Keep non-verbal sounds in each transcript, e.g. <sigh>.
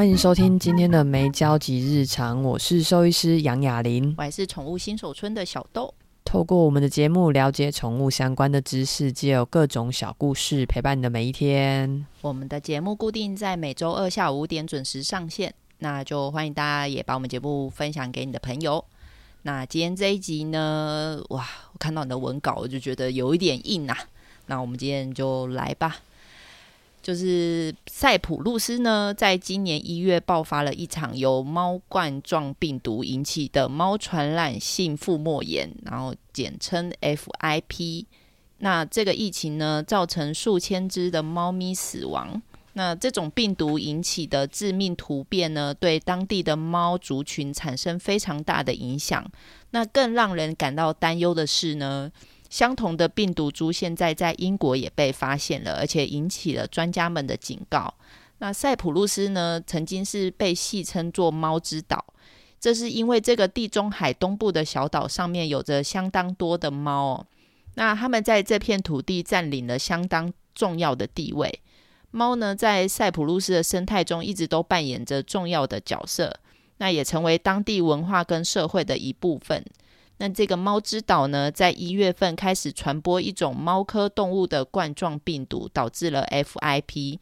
歡迎收聽今天的《沒交集日常》，我是獸醫師楊雅玲，我還是寵物新手村的小豆。透過我們的節目了解寵物相關的知識，也有各種小故事陪伴你的每一天。我們的節目固定在每周二下午五點準時上線，那就歡迎大家也把我們節目分享給你的朋友。那今天這一集呢？哇，我看到你的文稿，我就覺得有一點硬吶、啊。那我們今天就來吧。就是塞浦路斯呢，在今年一月爆發了一場由貓冠狀病毒引起的貓傳染性腹膜炎，然後簡稱 FIP。那這個疫情呢，造成數千隻的貓咪死亡。那這種病毒引起的致命突變呢，對當地的貓族群產生非常大的影響。那更讓人感到擔憂的是呢，相同的病毒株現在在英國也被發現了，而且引起了專家們的警告。那塞浦路斯呢，曾經是被戲稱作“貓之島”，這是因為這個地中海東部的小島上面有着相當多的貓哦。那他們在這片土地占領了相當重要的地位。貓呢，在塞浦路斯的生態中一直都扮演着重要的角色，那也成為當地文化跟社會的一部分。那這個貓之島呢，在一月份開始傳播一種貓科動物的冠狀病毒，導致了 FIP。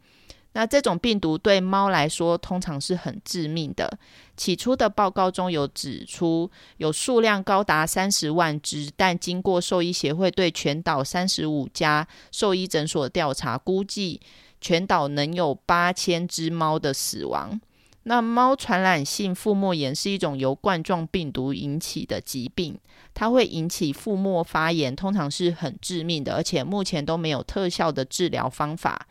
那這種病毒對貓來說通常是很致命的。起初的報告中有指出，有數量高達三十萬隻，但經過獸醫協會對全島三十五家獸醫診所調查，估計全島能有八千隻貓的死亡。那貓傳染性腹膜炎是一種由冠狀病毒引起的疾病，它會引起腹膜發炎，通常是很致命的，而且目前都沒有特效的治療方法。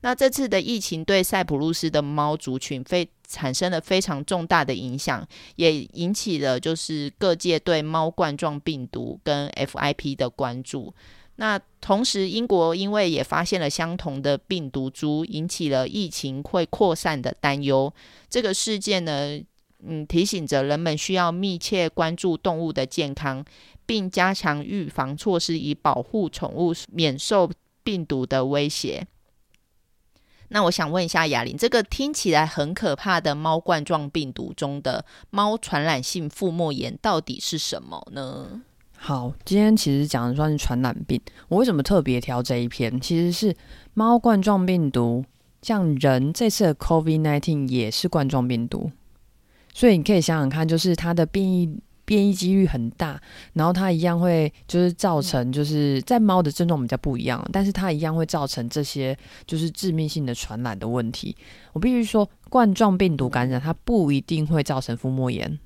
那這次的疫情對塞浦路斯的貓族群非產生了非常重大的影響，也引起了就是各界對貓冠狀病毒跟 FIP 的關注。那同時，英國因為也發現了相同的病毒株，引起了疫情會擴散的擔憂。這個事件呢，嗯，提醒着人們需要密切關注動物的健康，並加強預防措施以保護寵物免受病毒的威脅。那我想問一下雅玲，這個聽起來很可怕的貓冠狀病毒中的貓傳染性腹膜炎到底是什麼呢？好，今天其實講的算是傳染病。我為什麼特別挑這一篇？其實是貓冠狀病毒，像人這次的 COVID-19 也是冠狀病毒，所以你可以想想看，就是它的變異變異幾率很大，然後它一樣會就是造成，就是在貓的症狀比較不一樣，但是它一樣會造成這些就是致命性的傳染的問題。我必須說，冠狀病毒感染它不一定會造成腹膜炎。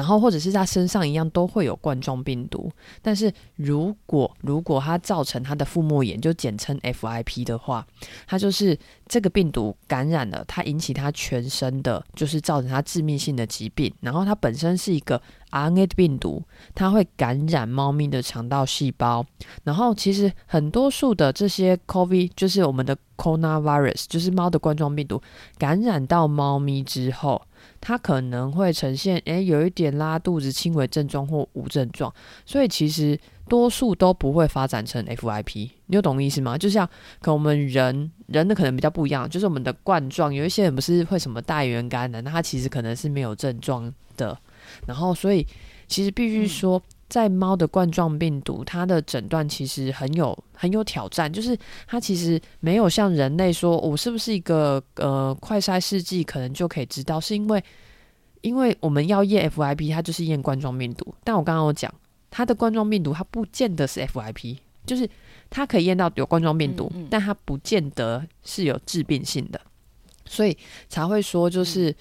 然後，或者是它身上一樣都會有冠狀病毒，但是如果，如果它造成它的腹膜炎，就簡稱 FIP 的話，它就是這個病毒感染了，它引起它全身的，就是造成它致命性的疾病。然後它本身是一個 RNA 病毒，它會感染貓咪的腸道細胞。然後其實很多數的這些 COVID 就是我們的 Coronavirus，就是貓的冠狀病毒，感染到貓咪之後。它可能會呈現，誒、欸，有一點拉肚子輕微症狀或無症狀，所以其實多數都不會發展成 FIP。你有懂意思嗎？就像，可能我們人人的可能比較不一樣，就是我們的冠狀有一些人不是會什麼帶原感染，那他其實可能是沒有症狀的。然後，所以其實必須說。嗯在貓的冠狀病毒，它的診斷其實很有很有挑戰，就是它其實沒有像人類說，我、哦、是不是一個呃快篩試劑可能就可以知道，是因為因為我們要驗 FIP，它就是驗冠狀病毒，但我剛剛有講，它的冠狀病毒它不見得是 FIP，就是它可以驗到有冠狀病毒嗯嗯，但它不見得是有致病性的，所以才會說就是。嗯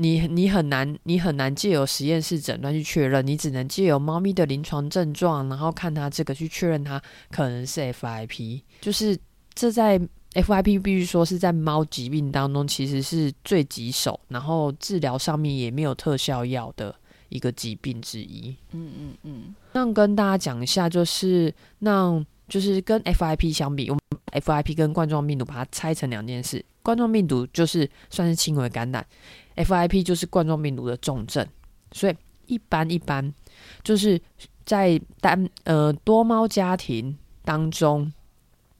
你你很難，你很難借由實驗室診斷去確認，你只能借由貓咪的臨床症狀，然後看他這個去確認他可能是 FIP，就是這在 FIP 必須說是在貓疾病當中，其實是最棘手，然後治療上面也沒有特效藥的一個疾病之一。嗯嗯嗯，那跟大家講一下，就是那。就是跟 FIP 相比，我們 FIP 跟冠狀病毒把它拆成兩件事。冠狀病毒就是算是輕微感染，FIP 就是冠狀病毒的重症。所以一般一般，就是在單呃多貓家庭當中，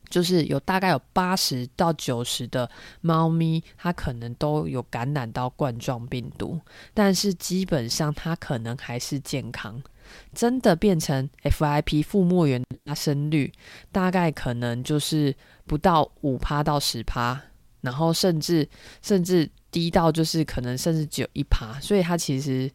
就是有大概有八十到九十的貓咪，它可能都有感染到冠狀病毒，但是基本上它可能還是健康。真的變成 FIP 腹膜炎它發生率，大概可能就是不到五趴到十趴，然後甚至甚至低到就是可能甚至只有一趴，所以它其實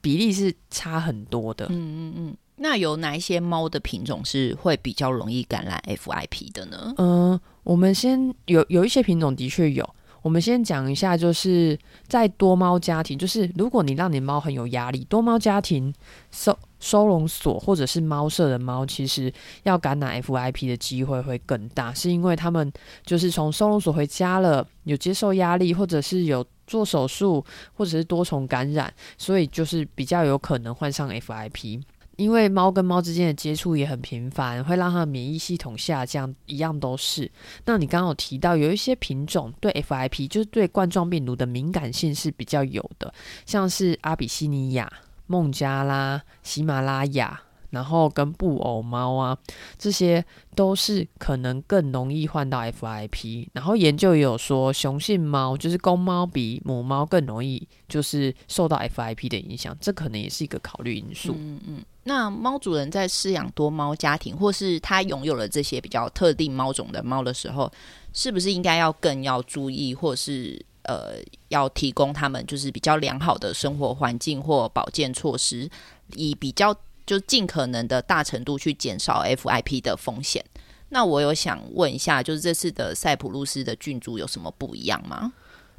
比例是差很多的。嗯嗯嗯。那有哪一些貓的品種是會比較容易感染 FIP 的呢？嗯，我們先有有一些品種的確有，我們先講一下，就是在多貓家庭，就是如果你讓你的貓很有壓力，多貓家庭 so, 收容所或者是貓舍的貓，其實要感染 FIP 的機會會更大，是因為他們就是從收容所回家了，有接受壓力，或者是有做手術，或者是多重感染，所以就是比較有可能患上 FIP。因為貓跟貓之間的接觸也很頻繁，會讓它的免疫系統下降，一樣都是。那你剛剛有提到，有一些品種對 FIP，就是對冠狀病毒的敏感性是比較有的，像是阿比西尼亞。孟加拉、喜馬拉雅，然後跟布偶貓啊，這些都是可能更容易患到 FIP。然後研究也有說，雄性貓，就是公貓，比母貓更容易，就是受到 FIP 的影響。這可能也是一個考慮因素。嗯嗯。那貓主人在飼養多貓家庭，或是他擁有了這些比較特定貓種的貓的時候，是不是應該要更要注意，或是？呃，要提供他們就是比較良好的生活環境或保健措施，以比較就盡可能的大程度去減少 FIP 的風險。那我有想問一下，就是這次的塞浦路斯的菌株有什麼不一樣嗎？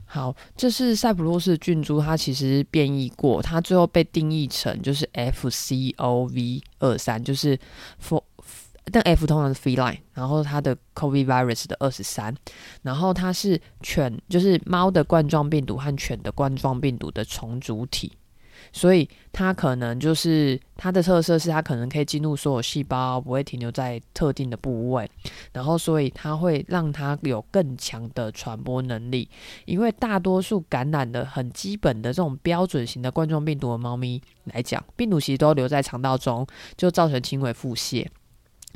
好，這是塞浦路斯的菌株，它其實變異過，它最後被定義成就是 F-CoV 二三，就是 For。但 F 通常是 feline，然後它的 COVID virus 的二十三，然後它是犬就是貓的冠狀病毒和犬的冠狀病毒的重組體，所以它可能就是它的特色是它可能可以進入所有細胞，不會停留在特定的部位，然後所以它會讓它有更強的傳播能力，因為大多數感染的很基本的這種標準型的冠狀病毒的貓咪來講，病毒其實都留在腸道中，就造成輕微腹瀉。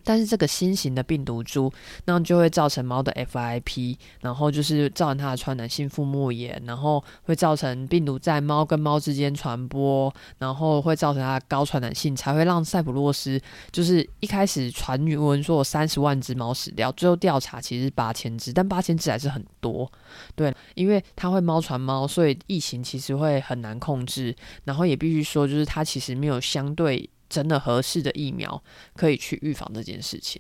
但是這個新型的病毒株，那樣就會造成貓的 FIP，然後就是造成它的傳染性腹膜炎，然後會造成病毒在貓跟貓之間傳播，然後會造成它的高傳染性，才會讓塞浦路斯就是一開始傳新聞說有三十萬只貓死掉，最後調查其實八千只，但八千只還是很多，對，因為它會貓傳貓，所以疫情其實會很難控制，然後也必須說就是它其實沒有相對。真的合適的疫苗可以去預防這件事情。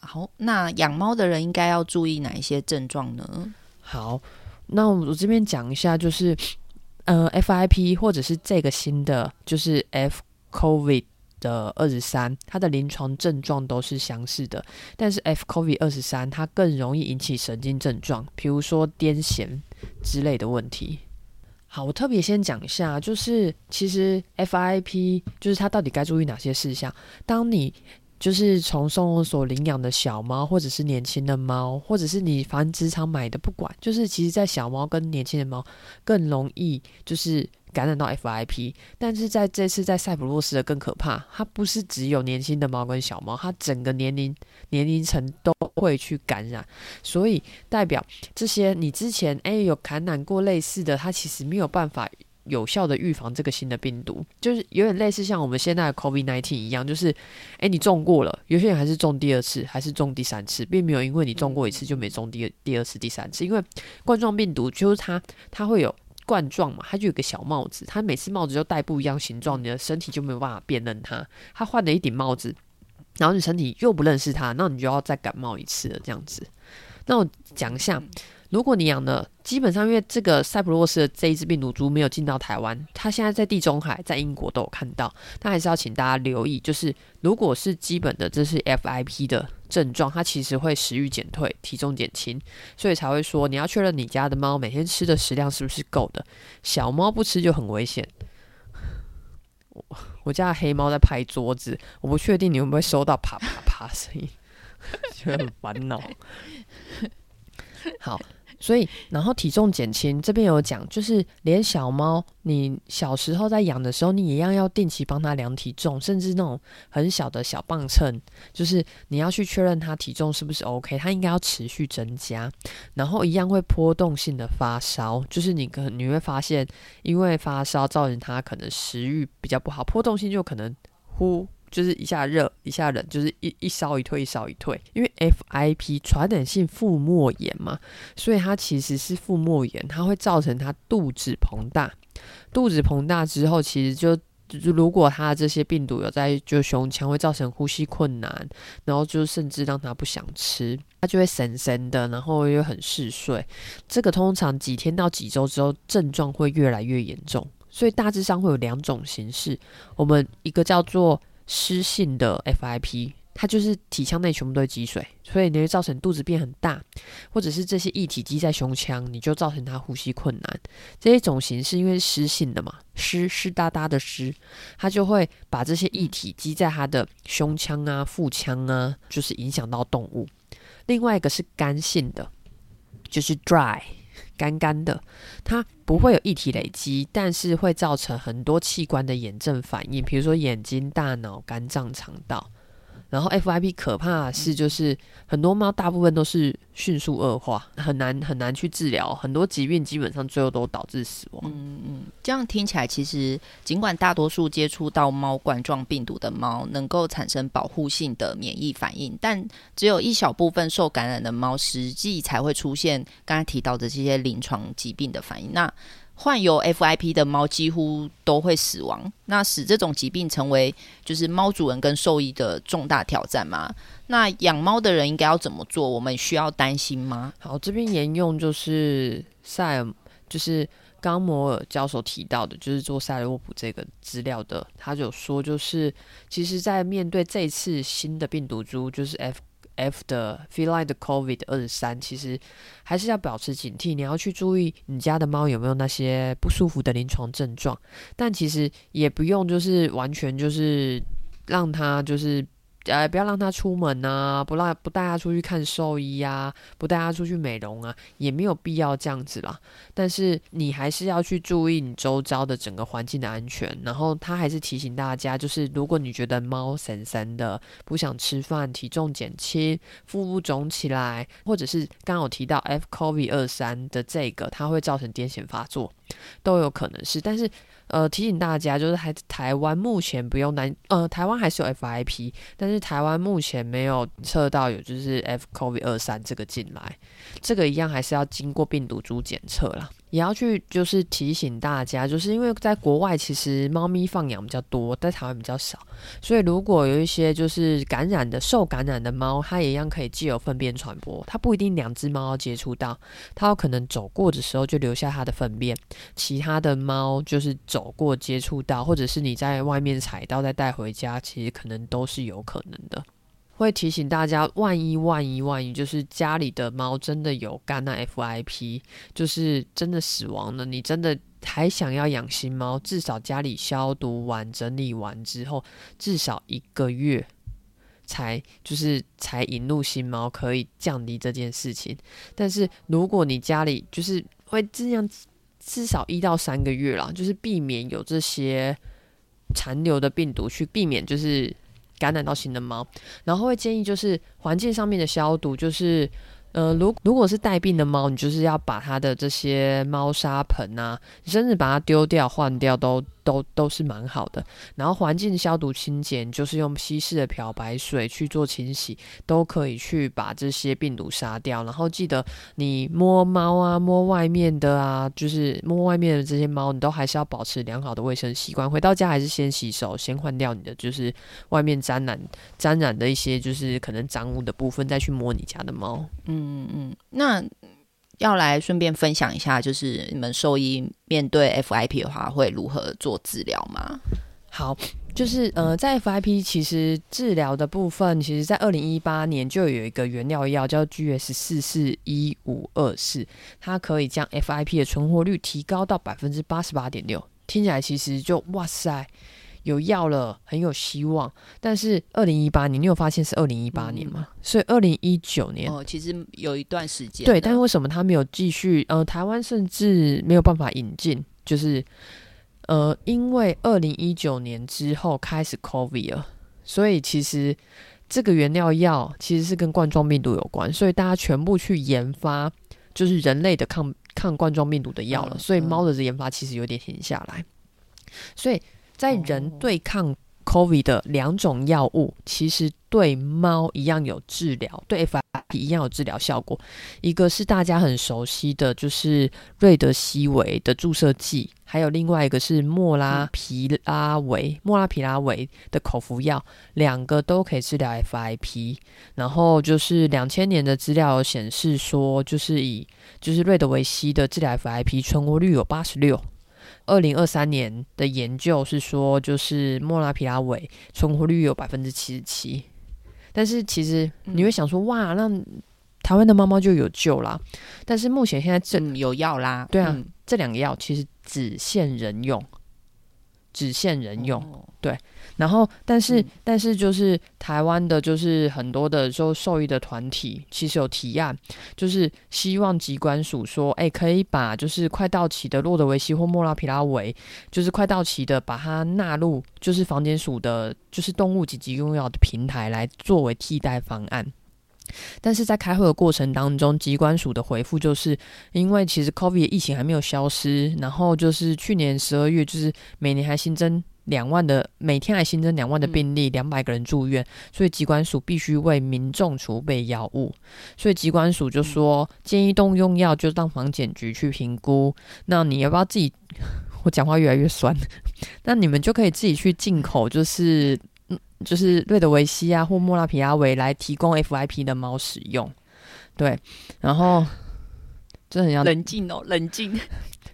好，那養貓的人應該要注意哪一些症狀呢？好，那我這邊講一下，就是呃，FIP 或者是這個新的就是 F COVID 的二十三，它的臨床症狀都是相似的，但是 F COVID 二十三它更容易引起神經症狀，比如說癲癇之類的問題。好，我特別先講一下，就是其實 FIP 就是它到底該注意哪些事項。當你就是從收容所領養的小貓，或者是年輕的貓，或者是你繁殖場買的，不管，就是其實，在小貓跟年輕的貓更容易就是，感染到 FIP，但是在這次在塞浦路斯的更可怕，它不是只有年輕的貓跟小貓，它整個年齡年齡層都會去感染，所以代表這些你之前誒、欸、有感染過類似的，它其實沒有辦法有效的預防這個新的病毒，就是有點類似像我們現在的 COVID-19 一樣，就是誒、欸、你中過了，有些人還是中第二次，還是中第三次，並沒有因為你中過一次就沒中第二第二次、第三次，因為冠狀病毒就是它它會有。冠狀嘛，它就有一個小帽子，它每次帽子就戴不一樣形狀，你的身體就沒有辦法辨認它。它換了一頂帽子，然後你身體又不認識它，那你就要再感冒一次了。這樣子，那我講一下。如果你養的基本上，因為這個塞浦路斯的這一隻病毒株沒有進到台灣，它現在在地中海、在英國都有看到，但還是要請大家留意，就是如果是基本的，這是 FIP 的症狀，它其實會食慾減退、體重減輕，所以才會說你要確認你家的貓每天吃的食量是不是夠的，小貓不吃就很危險。我，我家的黑貓在拍桌子，我不確定你會不會收到啪啪啪聲音，覺 <laughs> 得很煩惱。好。所以，然後體重減輕這邊有講，就是連小貓，你小時候在養的時候，你一樣要，要定期幫它量體重，甚至那種很小的小磅秤，就是你要去確認它體重是不是 OK，它應該要持續增加，然後一樣會波動性的發燒，就是你可你會發現，因為發燒造成它可能食慾比較不好，波動性就可能呼。就是一下熱一下冷，就是一一燒一退一燒一退，因為 FIP 傳染性腹膜炎嘛，所以它其實是腹膜炎，它會造成它肚子膨大，肚子膨大之後，其實就如果它的這些病毒有在就胸腔，會造成呼吸困難，然後就甚至讓他不想吃，他就會神神的，然後又很嗜睡，這個通常幾天到幾週之後症狀會越來越嚴重，所以大致上會有兩種形式，我們一個叫做。濕性的 FIP，它就是體腔內全部都會積水，所以你會造成肚子變很大，或者是這些液體積在胸腔，你就造成它呼吸困難。這一種型是因為濕性的嘛，濕濕答答的濕，它就會把這些液體積在它的胸腔啊、腹腔啊，就是影響到動物。另外一個是乾性的，就是 dry。乾乾的，它不會有液體累積，但是會造成很多器官的炎症反應，比如說眼睛、大腦、肝臟、腸道。然後 FIP 可怕的是就是很多貓大部分都是迅速惡化，很難很難去治療，很多疾病基本上最後都導致死亡。嗯嗯，這樣聽起來其實，儘管大多數接觸到貓冠狀病毒的貓能夠產生保護性的免疫反應，但只有一小部分受感染的貓實際才會出現剛才提到的這些臨床疾病的反應。那患有 FIP 的貓幾乎都會死亡，那使這種疾病成為就是貓主人跟獸醫的重大挑戰嗎？那養貓的人應該要怎麼做？我們需要擔心嗎？好，這邊沿用就是塞爾，就是剛摩爾教授提到的，就是做塞爾沃普這個資料的，他有說就是，其實，在面對這次新的病毒株，就是 F。F 的，feline 的 COVID 二十三，其實還是要保持警惕，你要去注意你家的貓有沒有那些不舒服的臨床症狀，但其實也不用就是完全就是讓它就是。呃，不要讓他出門吶、啊，不讓不帶他出去看獸醫呀、啊，不帶他出去美容啊，也沒有必要這樣子啦。但是你還是要去注意你周遭的整個環境的安全。然後他還是提醒大家，就是如果你覺得貓神神的，不想吃飯，體重減輕，腹部腫起來，或者是剛剛我提到 F COVID 二三的這個，它會造成癲癇發作。都有可能是，但是，呃，提醒大家，就是台台灣目前不用擔，呃，台灣還是有 FIP，但是台灣目前沒有測到有就是 F CoV 二三這個進來，這個一樣還是要經過病毒株檢測啦。也要去，就是提醒大家，就是因為在國外其實貓咪放養比較多，在台灣比較少，所以如果有一些就是感染的、受感染的貓，它也一樣可以藉由糞便傳播，它不一定兩隻貓要接觸到，它有可能走過的時候就留下它的糞便，其他的貓就是走過接觸到，或者是你在外面踩到再帶回家，其實可能都是有可能的。會提醒大家，萬一萬一萬一，就是家裡的貓真的有感染 FIP，就是真的死亡了，你真的還想要養新貓，至少家裡消毒完、整理完之後，至少一個月才就是才引入新貓，可以降低這件事情。但是如果你家裡就是會這樣，至少一到三個月啦，就是避免有這些殘留的病毒，去避免就是。感染到新的貓，然後會建議就是環境上面的消毒，就是呃，如如果是帶病的貓，你就是要把它的這些貓砂盆啊，甚至把它丟掉，換掉都。都都是蠻好的，然後環境消毒清潔，就是用稀釋的漂白水去做清洗，都可以去把這些病毒殺掉。然後記得你摸貓啊、摸外面的啊，就是摸外面的這些貓，你都還是要保持良好的衛生習慣。回到家還是先洗手，先換掉你的就是外面沾染沾染的一些就是可能髒污的部分，再去摸你家的貓。嗯嗯嗯，那。要來順便分享一下，就是你們獸醫面對 FIP 的話會如何做治療嗎？好，就是呃，在 FIP 其實治療的部分，其實在二零一八年就有一個原料藥叫 GS 四四一五二四，它可以將 FIP 的存活率提高到百分之八十八點六。聽起來其實就哇塞。有藥了，很有希望。但是二零一八年，你有發現是二零一八年嗎？嗯、所以二零一九年，哦，其實有一段時間對。但是為什麼他沒有繼續？呃，台灣甚至沒有辦法引進，就是呃，因為二零一九年之後開始 Covid 了，所以其實這個原料藥其實是跟冠狀病毒有關，所以大家全部去研發就是人類的抗抗冠狀病毒的藥了、嗯，所以貓的研發其實有點停下來，所以。在人對抗 COVID 的兩種藥物，其實對貓一樣有治療，對 FIP 一樣有治療效果。一個是大家很熟悉的，就是瑞德西韋的注射劑，還有另外一個是莫拉皮拉韋，莫拉皮拉韋的口服藥，兩個都可以治療 FIP。然後就是兩千年的資料顯示說，就是以就是瑞德維西的治療 FIP 存活率有八十六。二零二三年的研究是說，就是莫拉皮拉韋存活率有百分之七十七，但是其實你會想說，嗯、哇，那台灣的貓貓就有救啦。但是目前現在這、嗯、有藥啦，對啊，嗯、這兩個藥其實只限人用，只限人用，哦、對。然後，但是，嗯、但是就是台灣的，就是很多的受獸醫的團體，其實有提案，就是希望疾管署說，誒、欸，可以把就是快到期的洛德維希或莫拉皮拉維，就是快到期的，把它納入就是防疫署的，就是動物緊急用藥的平台來作為替代方案。但是在開會的過程當中，疾管署的回復就是因為其實 COVID 的疫情還沒有消失，然後就是去年十二月，就是每年還新增。兩萬的每天還新增兩萬的病例，兩、嗯、百個人住院，所以疾管署必須為民眾儲備藥物。所以疾管署就說、嗯，建議動物用藥就當防檢局去評估。那你要不要自己？我講話越來越酸。那你們就可以自己去進口，就是嗯，就是瑞德維西啊，或莫拉皮阿維來提供 FIP 的貓使用。對，然後這很要冷靜哦，冷靜。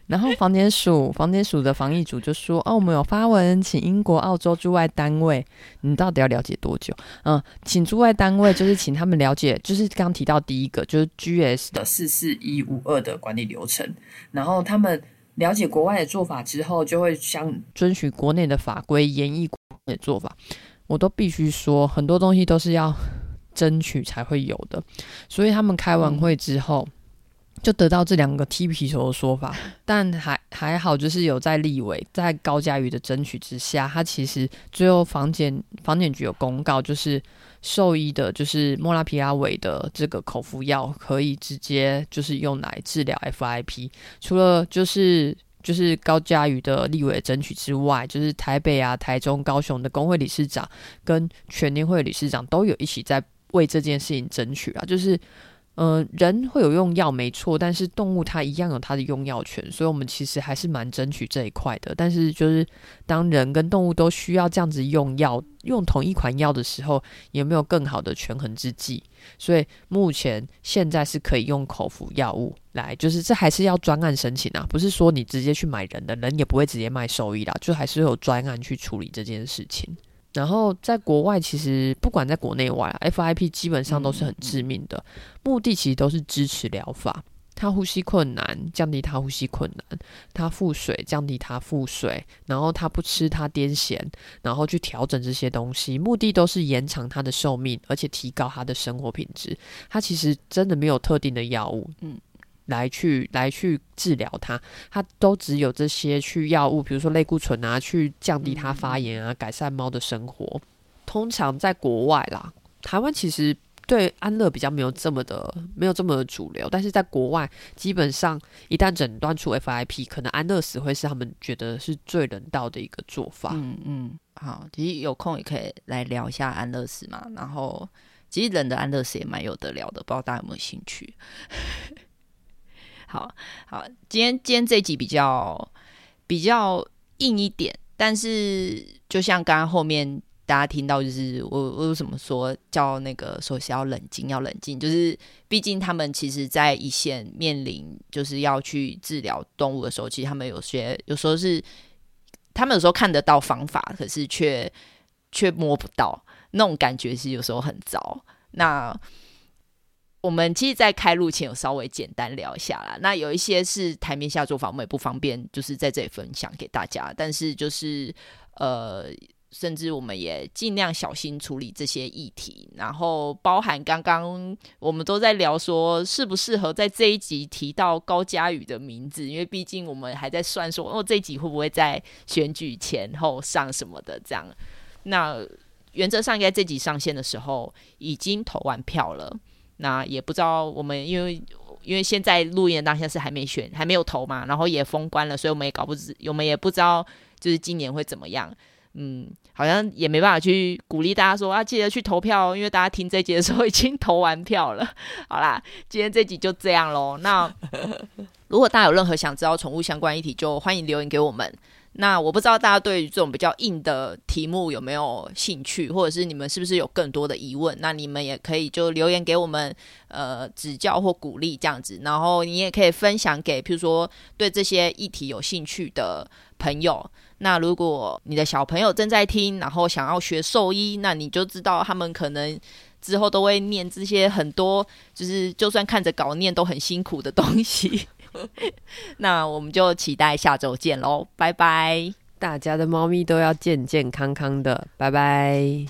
然後，防檢署、防檢署的防疫組就說：“哦、啊，我們有發文，請英國、澳洲駐外單位，你到底要了解多久？嗯，請駐外單位就是請他們了解，就是剛提到第一個，就是 GS 的四四一五二的管理流程。然後他們了解國外的做法之後，就會想遵循國內的法規，研議國內的做法。我都必須說，很多東西都是要爭取才會有的。所以他們開完會之後。嗯”就得到這兩個踢皮球的說法，但還還好，就是有在立委在高嘉瑜的爭取之下，他其實最後防檢防檢局有公告，就是獸醫的，就是莫拉皮拉韋的這個口服藥可以直接就是用來治療 FIP。除了就是就是高嘉瑜的立委的爭取之外，就是台北啊、台中、高雄的工會理事長跟全聯會理事長都有一起在為這件事情爭取啊，就是。嗯、呃，人會有用藥沒錯，但是動物它一樣有它的用藥權，所以我們其實還是蠻爭取這一塊的。但是就是當人跟動物都需要這樣子用藥，用同一款藥的時候，有沒有更好的權衡之計？所以目前現在是可以用口服藥物來，就是這還是要專案申請啊，不是說你直接去買人的，人也不會直接賣獸醫啦，就還是有專案去處理這件事情。然後在國外，其實不管在國內外啊，FIP 基本上都是很致命的。嗯，嗯。目的其實都是支持療法，他呼吸困難，降低他呼吸困難；他腹水，降低他腹水；然後他不吃，他癲癇，然後去調整這些東西。目的都是延長他的壽命，而且提高他的生活品質。他其實真的沒有特定的藥物。嗯。來去來去治療它，它都只有這些去藥物，比如說類固醇啊，去降低它發炎啊，嗯、改善貓的生活。通常在國外啦，台灣其實對安樂比較沒有這麼的，沒有這麼的主流。但是在國外，基本上一旦診斷出 FIP，可能安樂死會是他們覺得是最人道的一個做法。嗯嗯，好，其實有空也可以來聊一下安樂死嘛。然後，其實人的安樂死也蠻有得聊的，不知道大家有沒有興趣？ <laughs> 好好，今天今天這一集比較比較硬一點，但是就像剛剛後面大家聽到，就是那個，就是我我為什麼說叫那個首先要冷靜，要冷靜，就是畢竟他們其實在一線面臨，就是要去治療動物的時候，其實他們有些有時候是他們有時候看得到方法，可是卻卻摸不到，那種感覺是有時候很糟。那我們其實，在開錄前有稍微簡單聊一下啦。那有一些是台面下做法，我們也不方便，就是在這裡分享給大家。但是，就是呃，甚至我們也盡量小心處理這些議題。然後，包含剛剛我們都在聊說，適不適合在這一集提到高嘉瑜的名字？因為畢竟我們還在算說，哦，這一集會不會在選舉前後上什麼的？這樣，那原則上應該這一集上線的時候已經投完票了。那也不知道我們，因為因為現在錄音的當下是還沒選，還沒有投嘛，然後也封關了，所以我們也搞不知，我們也不知道就是今年會怎麼樣。嗯，好像也沒辦法去鼓勵大家說啊，記得去投票哦，因為大家聽這集的時候已經投完票了。好啦，今天這集就這樣嘍。那如果大家有任何想知道寵物相關議題，就歡迎留言給我們。那我不知道大家對於這種比較硬的題目有沒有興趣，或者是你們是不是有更多的疑問？那你們也可以就留言給我們，呃，指教或鼓勵這樣子。然後你也可以分享給，譬如說對這些議題有興趣的朋友。那如果你的小朋友正在聽，然後想要學獸醫，那你就知道他們可能之後都會念這些很多，就是就算看着稿念都很辛苦的東西。 <laughs> <laughs> 那我們就期待下周見嘍，拜拜！大家的貓咪都要健健康康的，拜拜！